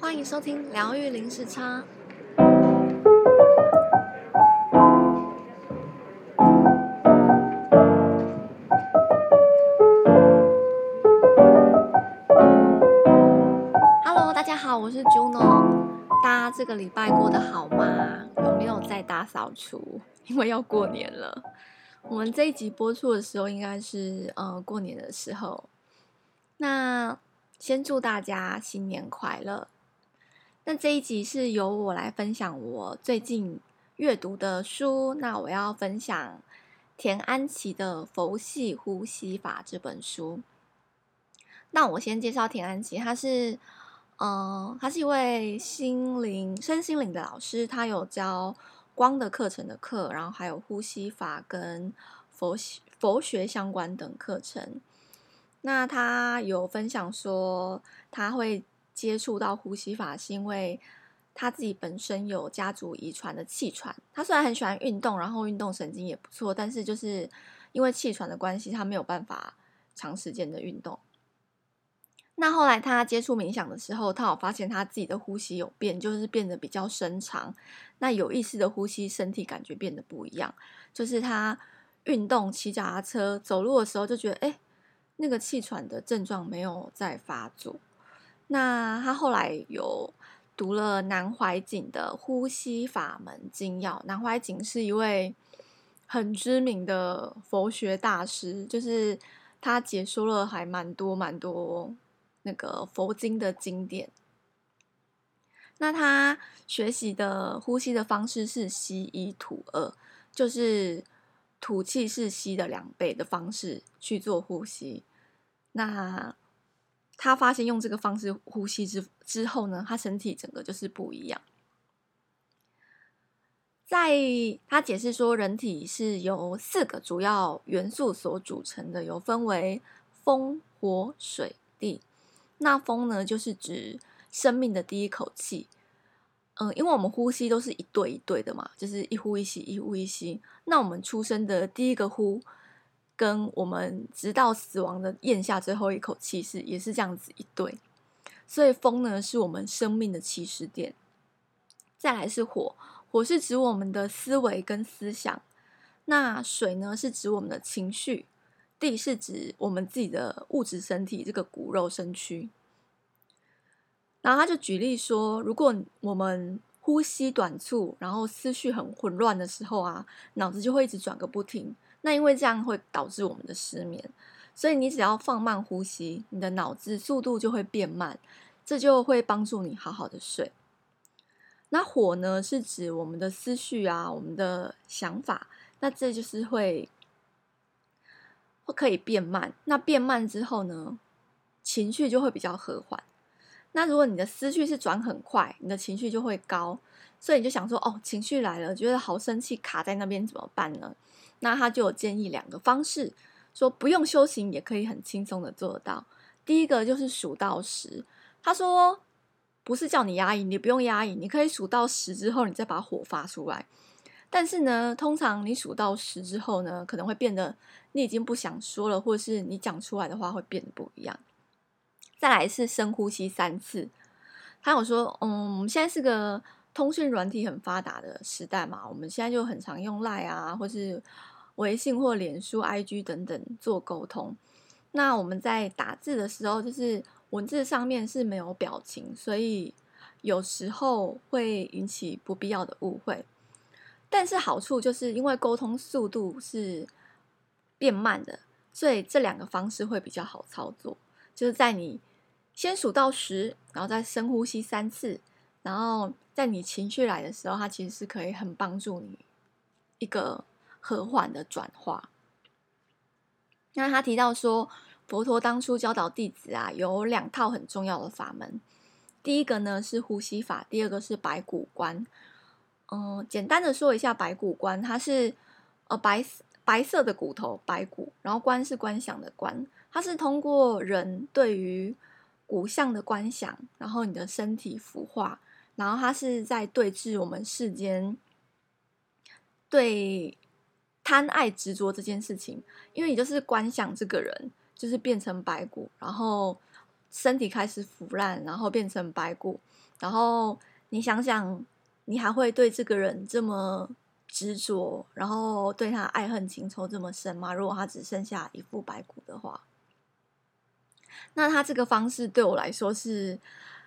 歡迎收聽療癒零時差。Hello，大家好，我是 Juno。大家這個禮拜過得好嗎？有沒有在大掃除？因為要過年了。我們這一集播出的時候，應該是，呃，過年的時候。那先祝大家新年快樂！那這一集是由我來分享我最近閱讀的書。那我要分享田安琪的《佛系呼吸法》這本書。那我先介紹田安琪，他是，嗯，他是一位心靈身心靈的老師，他有教光的課程的課，然後還有呼吸法跟佛佛學相關等課程。那他有分享說他會。接觸到呼吸法是因為他自己本身有家族遺傳的氣喘，他雖然很喜歡運動，然後運動神經也不錯，但是就是因為氣喘的關係，他沒有辦法長時間的運動。那後來他接觸冥想的時候，他有發現他自己的呼吸有變，就是變得比較深長。那有意識的呼吸，身體感覺變得不一樣。就是他運動、騎腳踏車、走路的時候，就覺得哎，那個氣喘的症狀沒有再發作。那他後來有讀了南懷瑾的《呼吸法門精要》，南懷瑾是一位很知名的佛學大師，就是他解說了還蠻多蠻多那個佛經的經典。那他學習的呼吸的方式是吸一吐二，就是吐氣是吸的兩倍的方式去做呼吸。那。他發現用這個方式呼吸之之後呢，他身體整個就是不一樣。在他解釋說，人體是由四個主要元素所組成的，有分為風、火、水、地。那風呢，就是指生命的第一口氣。嗯，因為我們呼吸都是一對一對的嘛，就是一呼一吸，一呼一吸。那我們出生的第一個呼，跟我們直到死亡的咽下最後一口氣時，也是這樣子一對。所以風呢，是我們生命的起始點。再來是火，火是指我們的思維跟思想。那水呢，是指我們的情緒。地是指我們自己的物質身體，這個骨肉身軀。然後他就舉例說，如果我們呼吸短促，然後思緒很混亂的時候啊，腦子就會一直轉個不停。那因為這樣會導致我們的失眠，所以你只要放慢呼吸，你的腦子速度就會變慢，這就會幫助你好好的睡。那火呢，是指我們的思緒啊，我們的想法，那這就是會會可以變慢。那變慢之後呢，情緒就會比較和緩。那如果你的思緒是轉很快，你的情緒就會高，所以你就想說，哦，情緒來了，覺得好生氣，卡在那邊怎麼辦呢？那他就建議兩個方式，說不用修行也可以很輕鬆的做到。第一個就是數到十，他說不是叫你壓抑，你不用壓抑，你可以數到十之後，你再把火發出來。但是呢，通常你數到十之後呢，可能會變得你已經不想說了，或者是你講出來的話會變得不一樣。再來是深呼吸三次。他有說，嗯，我們現在是個通訊軟體很發達的時代嘛，我們現在就很常用 Line 啊，或是。微信或臉書、IG 等等做溝通。那我們在打字的時候，就是文字上面是沒有表情，所以有時候會引起不必要的誤會。但是好處就是因為溝通速度是變慢的，所以這兩個方式會比較好操作。就是在你先數到十，然後再深呼吸三次，然後在你情緒來的時候，它其實是可以很幫助你一個。和緩的轉化。那他提到說，佛陀當初教導弟子啊，有兩套很重要的法門。第一個呢是呼吸法，第二個是白骨觀。嗯，簡單的說一下白骨觀，它是呃白白色的骨頭白骨，然後觀是觀想的觀，它是通過人對於骨相的觀想，然後你的身體腐化，然後它是在對治我們世間對。貪愛執着這件事情，因為你就是觀想這個人就是變成白骨，然後身體開始腐爛，然後變成白骨，然後你想想，你還會對這個人這麼執着，然後對他愛恨情仇這麼深嗎？如果他只剩下一副白骨的話，那他這個方式對我來說是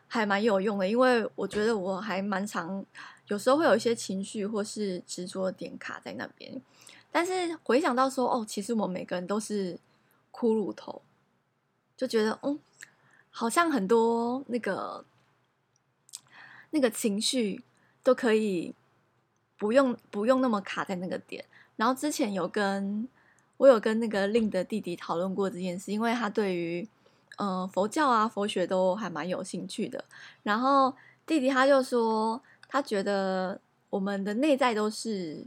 還蠻有用的，因為我覺得我還蠻常有時候會有一些情緒或是執着點卡在那邊。但是回想到說，哦，其實我們每個人都是骷髏頭，就覺得，嗯，好像很多那個，那個情緒都可以不用，不用那麼卡在那個點。然後之前有跟我有跟那個令的弟弟討論過這件事，因為他對於嗯、呃、佛教啊佛學都還蠻有興趣的。然後弟弟他就說，他覺得我們的內在都是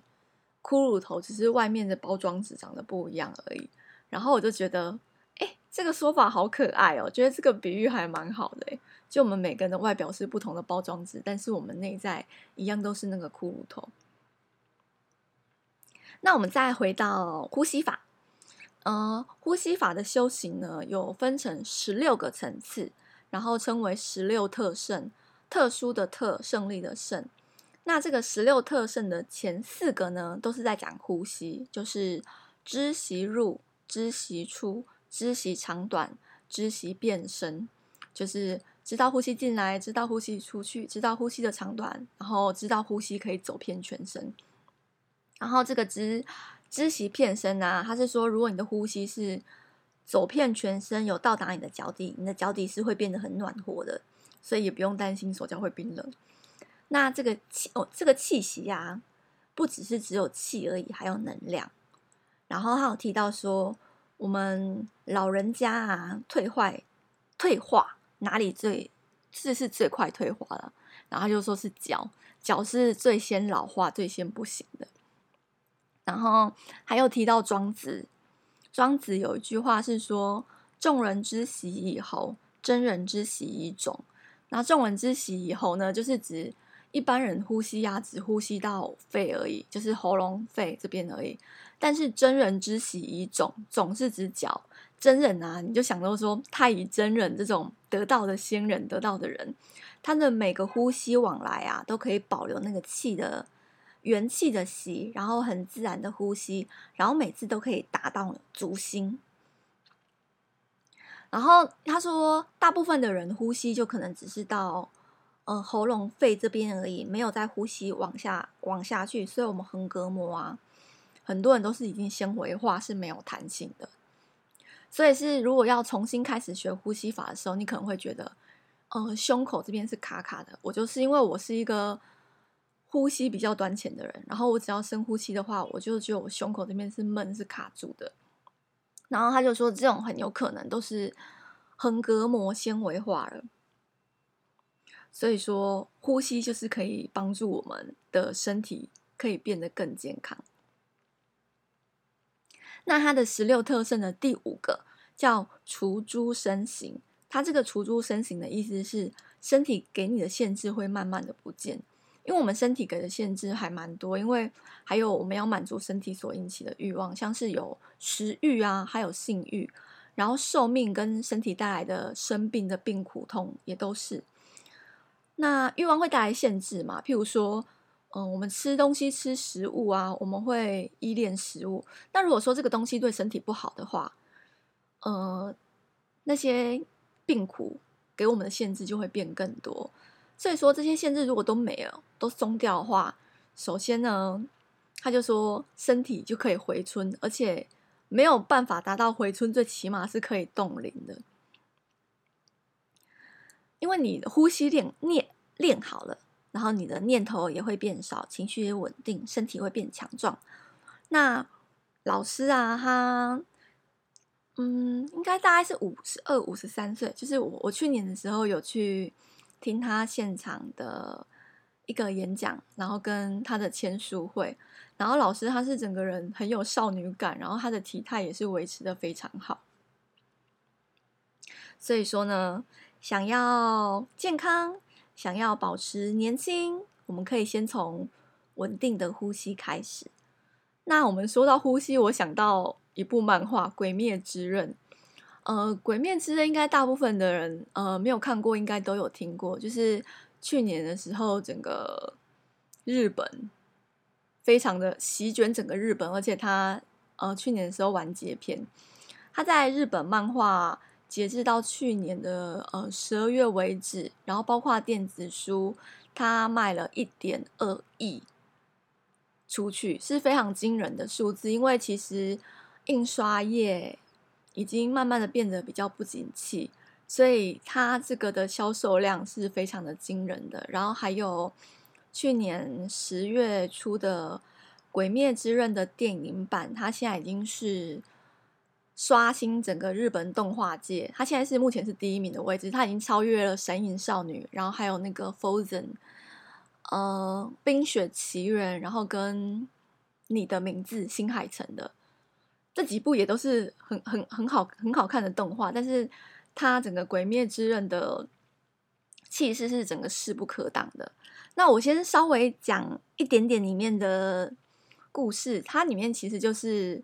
骷髏頭，只是外面的包裝紙長得不一樣而已，然後我就覺得，誒，這個說法好可愛哦，覺得這個比喻還蠻好的。就我們每個人的外表是不同的包裝紙，但是我們內在一樣都是那個骷髏頭。那我們再回到呼吸法，嗯、呃，呼吸法的修行呢，有分成十六個層次，然後稱為十六特勝，特殊的特，勝利的勝。那這個十六特勝的前四個呢，都是在講呼吸，就是知息入、知息出、知息長短、知息遍身，就是知道呼吸進來，知道呼吸出去，知道呼吸的長短，然後知道呼吸可以走遍全身。然後這個知知息遍身啊，他是說，如果你的呼吸是走遍全身，有到達你的腳底，你的腳底是會變得很暖和的，所以也不用擔心手腳會冰冷。那這個氣哦，這個氣息啊，不只是只有氣而已，還有能量。然後他有提到說，我們老人家啊，退壞、退化，哪裡最這是，是最快退化的？然後他就說是腳，腳是最先老化、最先不行的。然後還有提到莊子，莊子有一句話是說：“眾人之息以喉，真人之息以踵。”那眾人之息以喉呢，就是指。一般人呼吸啊，只呼吸到肺而已，就是喉嚨、肺這邊而已。但是真人之息以踵，踵是指腳。真人啊，你就想到說，太乙真人這種得道的仙人，得道的人，他的每個呼吸往來啊，都可以保留那個氣的元氣的息，然後很自然的呼吸，然後每次都可以達到足心。然後他說，大部分的人呼吸就可能只是到。呃，喉嚨、肺這邊而已，沒有在呼吸往下往下去，所以我們橫膈膜啊，很多人都是已經纖維化，是沒有彈性的。所以是如果要重新開始學呼吸法的時候，你可能會覺得，呃，胸口這邊是卡卡的。我就是因為我是一個呼吸比較短淺的人，然後我只要深呼吸的話，我就覺得我胸口這邊是悶，是卡住的。然後他就說，這種很有可能都是橫膈膜纖維化了。所以說，呼吸就是可以幫助我們的身體可以變得更健康。那它的十六特勝的第五個叫除諸身行，它這個除諸身行的意思是，身體給你的限制會慢慢的不見，因為我們身體給的限制還蠻多，因為還有我們要滿足身體所引起的慾望，像是有食慾啊，還有性慾，然後壽命跟身體帶來的生病的病苦痛也都是。那慾望會帶來限制嘛？譬如說，嗯，我們吃東西吃食物啊，我們會依戀食物。那如果說這個東西對身體不好的話，呃、嗯，那些病苦給我們的限制就會變更多。所以說，這些限制如果都沒了，都鬆掉的話，首先呢，他就說身體就可以回春，而且沒有辦法達到回春，最起碼是可以凍齡的。因為你呼吸練念練，練好了，然後你的念頭也會變少，情緒也穩定，身體會變強壯。那老師啊，他嗯，應該大概是五十二、五十三歲。就是我，我去年的時候有去聽他現場的一個演講，然後跟他的簽書會。然後老師他是整個人很有少女感，然後他的體態也是維持得非常好。所以說呢。想要健康，想要保持年輕，我們可以先從穩定的呼吸開始。那我們說到呼吸，我想到一部漫畫《鬼滅之刃》。呃，《鬼滅之刃》應該大部分的人呃沒有看過，應該都有聽過。就是去年的時候，整個日本非常的席捲整個日本，而且它呃去年的時候完結篇，它在日本漫畫。截至到去年的呃十二月為止，然後包括電子書，它賣了一點二億出去，是非常驚人的數字。因為其實印刷業已經慢慢的變得比較不景氣，所以它這個的銷售量是非常的驚人的。然後還有去年十月初的《鬼滅之刃》的電影版，它現在已經是。刷新整個日本動畫界，它現在是目前是第一名的位置，它已經超越了《神隱少女》，然後還有那個《Frozen》，呃，《冰雪奇緣》，然後跟《你的名字》《新海誠》的這幾部也都是很很很好很好看的動畫，但是它整個《鬼滅之刃》的氣勢是整個勢不可擋的。那我先稍微講一點點裡面的故事，它裡面其實就是。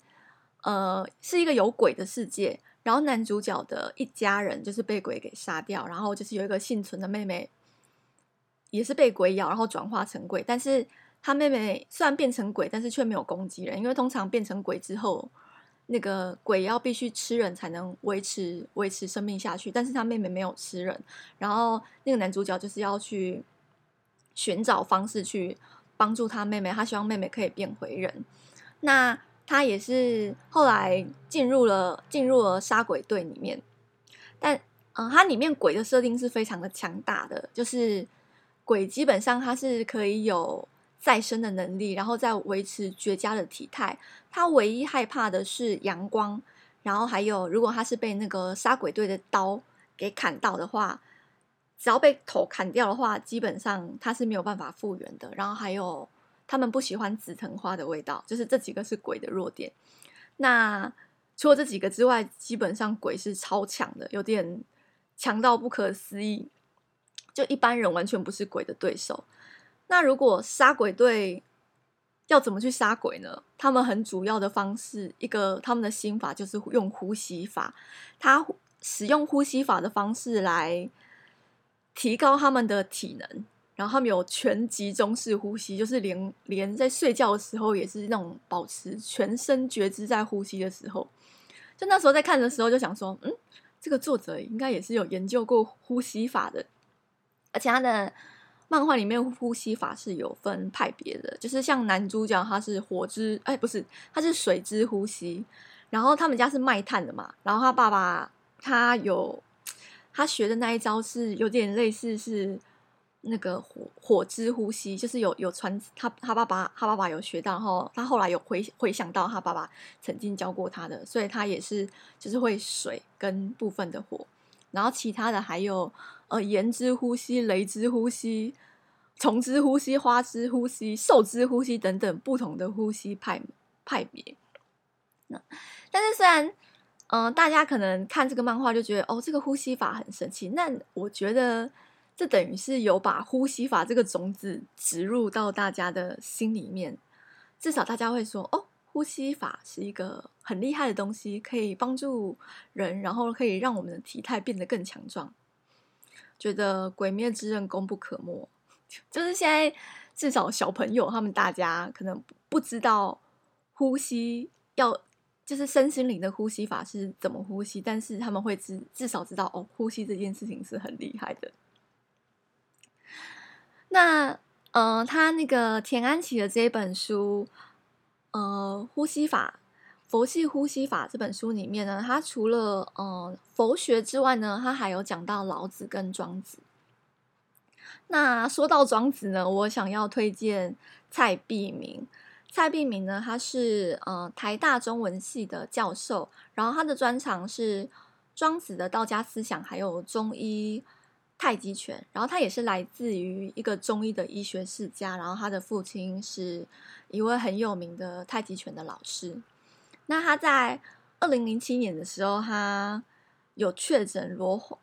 呃，是一個有鬼的世界。然後男主角的一家人就是被鬼給殺掉，然後就是有一個倖存的妹妹，也是被鬼咬，然後轉化成鬼。但是他妹妹雖然變成鬼，但是卻沒有攻擊人，因為通常變成鬼之後，那個鬼要必須吃人才能維持維持生命下去。但是他妹妹沒有吃人，然後那個男主角就是要去尋找方式去幫助他妹妹，他希望妹妹可以變回人。那他也是後來進入了進入了殺鬼隊裡面，但，嗯，它裡面鬼的設定是非常的強大的，就是鬼基本上它是可以有再生的能力，然後再維持絕佳的體態。它唯一害怕的是陽光，然後還有，如果它是被那個殺鬼隊的刀給砍到的話，只要被頭砍掉的話，基本上它是沒有辦法復原的。然後還有。他們不喜歡紫藤花的味道，就是這幾個是鬼的弱點。那除了這幾個之外，基本上鬼是超強的，有點強到不可思議，就一般人完全不是鬼的對手。那如果殺鬼隊要怎麼去殺鬼呢？他們很主要的方式，一個他們的心法就是用呼吸法，他使用呼吸法的方式來提高他們的體能。然後他們有全集中式呼吸，就是連連在睡覺的時候也是那種保持全身覺知在呼吸的時候。就那時候在看的時候就想說，嗯，這個作者應該也是有研究過呼吸法的。而且他的漫畫裡面呼吸法是有分派別的，就是像男主角他是火之，哎，不是，他是水之呼吸。然後他們家是賣炭的嘛，然後他爸爸他有他學的那一招是有點類似是。那個火火之呼吸，就是有有傳他他爸爸他爸爸有學到，然後他後來有回回想到他爸爸曾經教過他的，所以他也是就是會水跟部分的火，然後其他的還有呃岩之呼吸、雷之呼吸、蟲之呼吸、花之呼吸、獸之呼吸等等不同的呼吸派派別。那但是雖然嗯、呃，大家可能看這個漫畫就覺得哦，這個呼吸法很神奇，那我覺得。這等於是有把呼吸法這個種子植入到大家的心裡面，至少大家會說：“哦，呼吸法是一個很厲害的東西，可以幫助人，然後可以讓我們的體態變得更強壯。”覺得《鬼滅之刃》功不可沒，就是現在至少小朋友他們大家可能不知道呼吸要就是身心靈的呼吸法是怎麼呼吸，但是他們會知至少知道哦，呼吸這件事情是很厲害的。那呃，他那個田安琪的這本書，呃，《呼吸法》《佛系呼吸法》這本書裡面呢，他除了呃佛學之外呢，他還有講到老子跟莊子。那說到莊子呢，我想要推薦蔡璧名。蔡璧名呢，他是呃台大中文系的教授，然後他的專長是莊子的道家思想，還有中醫。太極拳，然後他也是來自於一個中醫的醫學世家，然後他的父親是一位很有名的太極拳的老師。那他在二零零七年的時候，他有確診罹、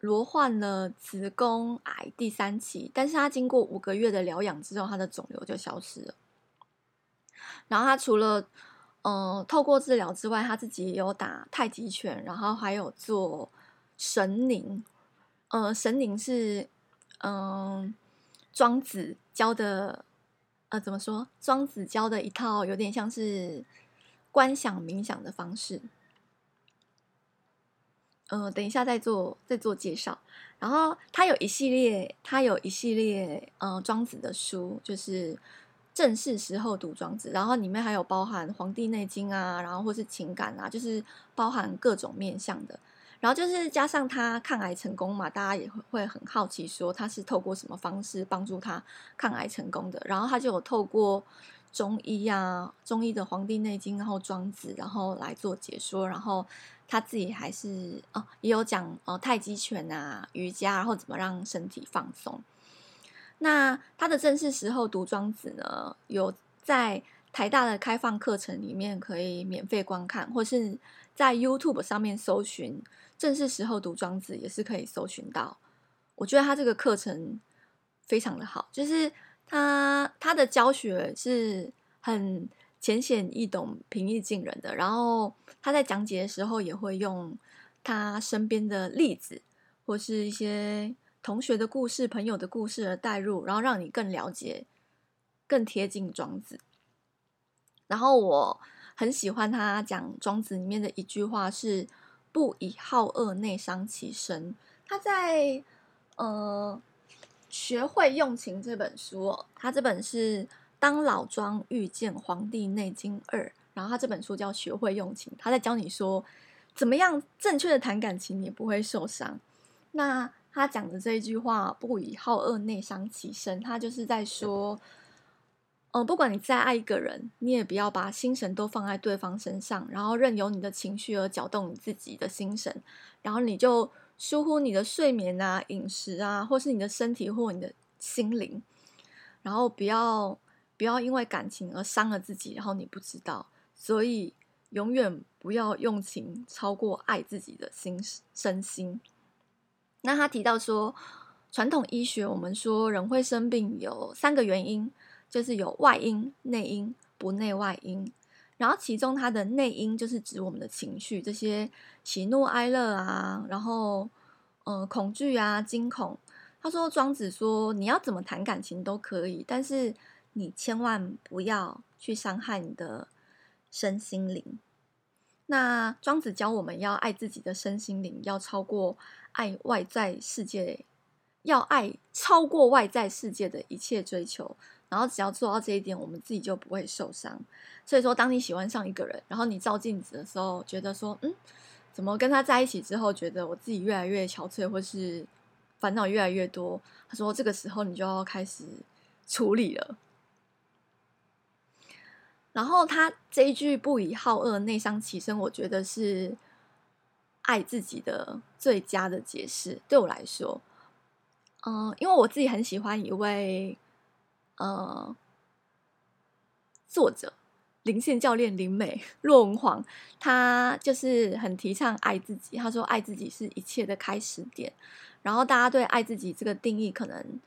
罹患了子宮癌第三期，但是他經過五個月的療養之後，他的腫瘤就消失了。然後他除了嗯、呃、透過治療之外，他自己也有打太極拳，然後還有做神靈，呃，神靈是，嗯、呃，莊子教的，呃，怎麼說？莊子教的一套有點像是觀想、冥想的方式。嗯、呃，等一下再做再做介紹。然後他有一系列，他有一系列，嗯、呃，莊子的書，就是正是時候讀莊子。然後裡面還有包含《黃帝內經》啊，然後或是情感啊，就是包含各種面向的。然後就是加上他抗癌成功嘛，大家也會很好奇，說他是透過什麼方式幫助他抗癌成功的。然後他就有透過中醫啊，中醫的《黃帝內經》，然後《莊子》，然後來做解說。然後他自己還是、哦、也有講哦，太極拳啊，瑜伽，然後怎麼讓身體放鬆。那他的正是時候讀《莊子》呢，有在台大的開放課程裡面可以免費觀看，或是。在 YouTube 上面搜尋“正是時候讀莊子”也是可以搜尋到。我覺得他這個課程非常的好，就是他他的教學是很淺顯易懂、平易近人的。然後他在講解的時候也會用他身邊的例子，或是一些同學的故事、朋友的故事而帶入，然後讓你更了解、更貼近莊子。然後我。很喜歡他講《莊子》裡面的一句話是“不以好惡內傷其身”。他在呃《學會用情》這本書，哦，他這本是《當老莊遇見黃帝內經二》，然後他這本書叫《學會用情》，他在教你說怎麼樣正確的談感情，你也不會受傷。那他講的這一句話“不以好惡內傷其身”，他就是在說。嗯，不管你再愛一個人，你也不要把心神都放在對方身上，然後任由你的情緒而攪動你自己的心神，然後你就疏忽你的睡眠啊、飲食啊，或是你的身體或你的心靈，然後不要不要因為感情而傷了自己，然後你不知道，所以永遠不要用情超過愛自己的心身心。那他提到說，傳統醫學我們說人會生病有三個原因。就是有外因、內因、不內外因，然後其中它的內因就是指我們的情緒，這些喜怒哀樂啊，然後，嗯，恐懼啊、驚恐。他說莊子說你要怎麼談感情都可以，但是你千萬不要去傷害你的身心靈。那莊子教我們要愛自己的身心靈，要超過愛外在世界，要愛超過外在世界的一切追求。然後只要做到這一點，我們自己就不會受傷。所以說，當你喜歡上一個人，然後你照鏡子的時候，覺得說，嗯，怎麼跟他在一起之後，覺得我自己越來越憔悴，或是煩惱越來越多？他說，這個時候你就要開始處理了。然後他這一句“不以好惡內傷其身”，我覺得是愛自己的最佳的解釋。對我來說，嗯，因為我自己很喜歡一位。呃、嗯，作者林羨教練林美洛文煌，他就是很提倡愛自己。他說：“愛自己是一切的開始點。”然後大家對愛自己這個定義可能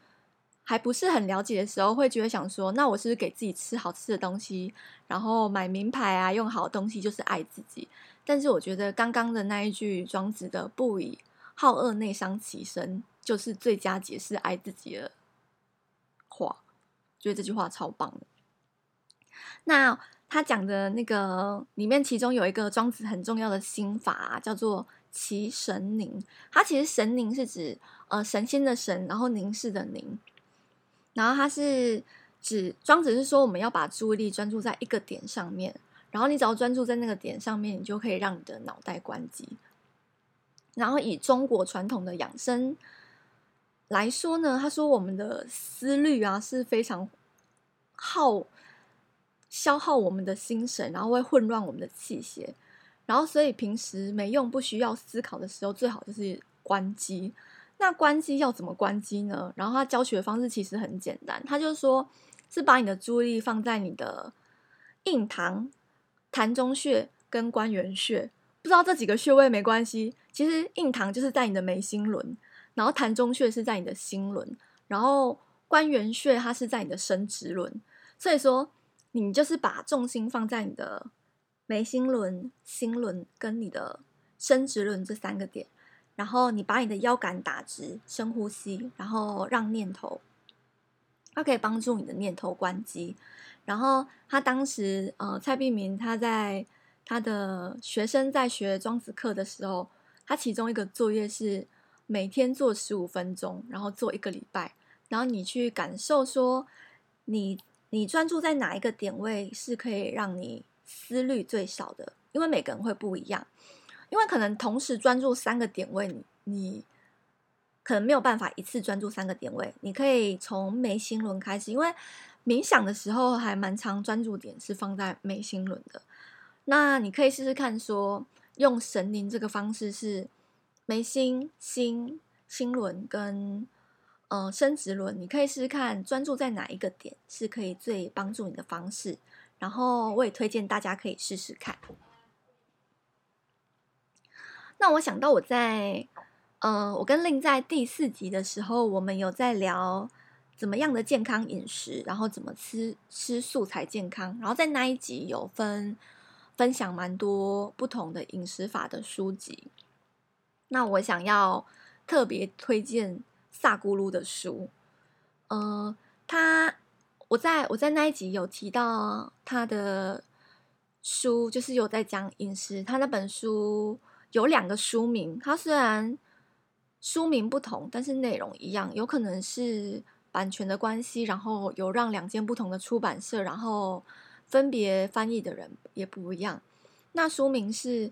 還不是很了解的時候，會覺得想說：“那我是不是給自己吃好吃的東西，然後買名牌啊，用好東西就是愛自己？”但是我覺得剛剛的那一句莊子的“不以好惡內傷其身”就是最佳解釋愛自己的話。覺得這句話超棒的。那他講的那個裡面，其中有一個莊子很重要的心法啊，叫做“其神凝”。它其實“神凝”是指呃神仙的神，然後凝視的凝。然後它是指莊子是說，我們要把注意力專注在一個點上面。然後你只要專注在那個點上面，你就可以讓你的腦袋關機。然後以中國傳統的養生來說呢，他說，我們的思慮啊是非常耗消耗我們的心神，然後會混亂我們的氣血，然後所以平時沒用不需要思考的時候，最好就是關機。那關機要怎麼關機呢？然後他教學的方式其實很簡單，他就是說是把你的注意力放在你的印堂、膻中穴跟關元穴。不知道這幾個穴位沒關係，其實印堂就是在你的眉心輪。然後膻中穴是在你的心輪，然後關元穴它是在你的生殖輪，所以說你就是把重心放在你的眉心輪、心輪跟你的生殖輪這三個點，然後你把你的腰桿打直，深呼吸，然後讓念頭，它可以幫助你的念頭關機。然後他當時呃，蔡璧名，他在他的學生在學莊子課的時候，他其中一個作業是。每天做十五分鐘，然後做一個禮拜，然後你去感受說你，你你專注在哪一個點位是可以讓你思慮最少的？因為每個人會不一樣，因為可能同時專注三個點位你，你可能沒有辦法一次專注三個點位。你可以從眉心輪開始，因為冥想的時候還蠻常專注點是放在眉心輪的。那你可以試試看說，說用神靈這個方式是。眉心、心、心輪跟呃生殖輪，你可以試試看，專注在哪一個點是可以最幫助你的方式。然後我也推薦大家可以試試看。那我想到我在呃，我跟令在第四集的時候，我們有在聊怎麼樣的健康飲食，然後怎麼吃吃素才健康。然後在那一集有分分享蠻多不同的飲食法的書籍。那我想要特別推薦薩古魯的書，嗯、呃，他我在我在那一集有提到他的書，就是有在講飲食。他那本書有兩個書名，他雖然書名不同，但是內容一樣。有可能是版權的關係，然後有讓兩間不同的出版社，然後分別翻譯的人也不一樣。那書名是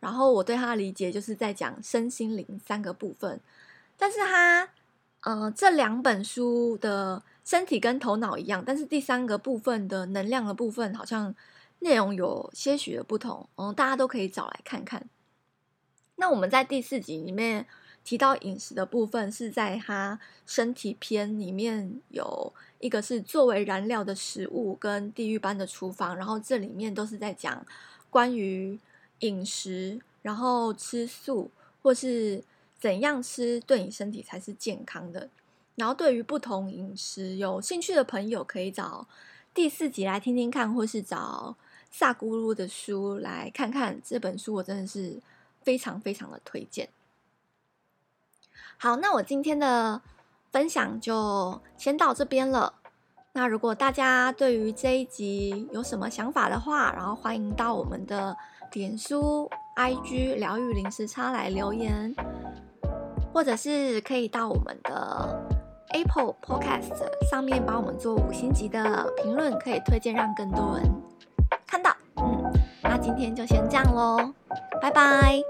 然後我對他的理解就是在講身心靈三個部分，但是他，嗯，這兩本書的身體跟頭腦一樣，但是第三個部分的能量的部分好像內容有些許的不同，嗯，大家都可以找來看看。那我們在第四集裡面提到飲食的部分，是在他身體篇裡面有一個是作為燃料的食物跟地獄般的廚房，然後這裡面都是在講關於飲食，然後吃素，或是怎樣吃，對你身體才是健康的。然後，對於不同飲食有興趣的朋友，可以找第四集來聽聽看，或是找薩古魯的書來看看。這本書我真的是非常非常的推薦。好，那我今天的分享就先到這邊了。那如果大家對於這一集有什麼想法的話，然後歡迎到我們的臉書、IG“ 療癒零時差”來留言，或者是可以到我們的 Apple Podcast 上面幫我們做五星級的評論，可以推薦讓更多人看到。嗯，那今天就先這樣嘍，拜拜。